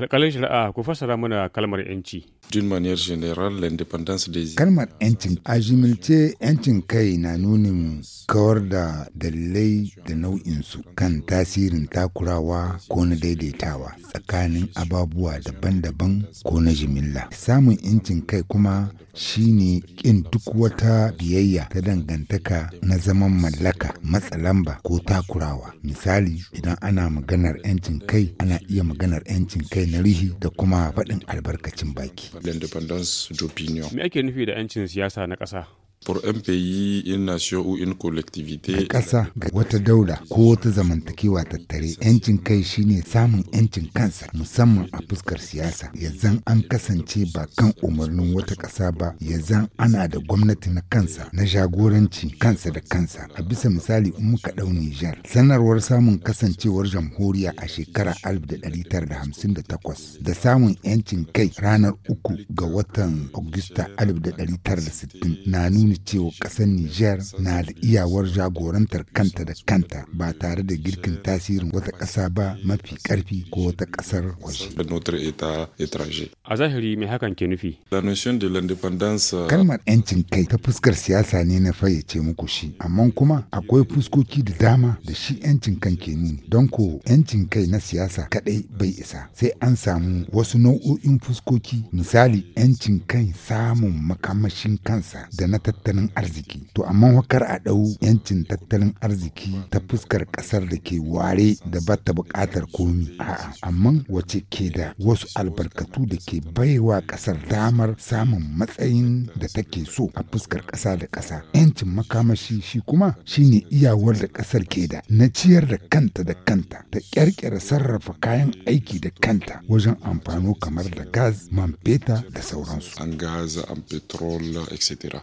alƙalin shari'a ku fassara mana kalmar yanci. Kalmar yancin a jimilce yancin kai na nunin kawar da dalilai da nau'insu kan tasirin takurawa ko na daidaitawa tsakanin ababuwa daban-daban ko na jimilla. Samun yancin kai kuma shine ƙin duk wata biyayya ta dangantaka na zaman mallaka matsalamba ko takurawa. Misali idan ana maganar yancin kai ana iya maganar yancin kai na rihi da kuma faɗin albarkacin baki. Me ake nufi da 'yancin siyasa na ƙasa? a ƙasa ga wata daula ko wata zamantakewa tattare yancin kai shine samun yancin kansa musamman a fuskar siyasa Yanzan an kasance ba kan umarnin wata ƙasa ba Yanzan ana da gwamnati na kansa na jagoranci kansa da kansa a bisa misali in muka ɗau Nijar sanarwar samun kasancewar jamhuriya a shekara 1958 da samun yancin kai ranar uku ga watan Agusta 1960 na nuna nuni cewa ƙasar Nijar na da iyawar jagorantar kanta da kanta ba tare da girkin tasirin wata ƙasa ba mafi ƙarfi ko wata ƙasar waje. A zahiri mai hakan ke nufi? Euh, Kalmar 'yancin kai ta fuskar siyasa ne na fayyace muku shi, amma kuma akwai fuskoki da dama da shi 'yancin kan ke nuni. Don ko 'yancin kai na siyasa kaɗai bai isa, sai an samu wasu nau'o'in fuskoki misali 'yancin kai samun makamashin kansa da na tattalin tattalin arziki to amma wakar a ɗau yancin tattalin arziki ta fuskar ƙasar da ke ware da ba ta buƙatar komi a'a amma wace ke da wasu albarkatu da ke baiwa ƙasar damar samun matsayin da take so a fuskar ƙasa da ƙasa yancin makamashi shi kuma shine iyawar da ƙasar ke da na ciyar da kanta da kanta ta ƙyarƙyar sarrafa kayan aiki da kanta wajen amfano kamar da gas man feta da sauransu an gaza an petrol etc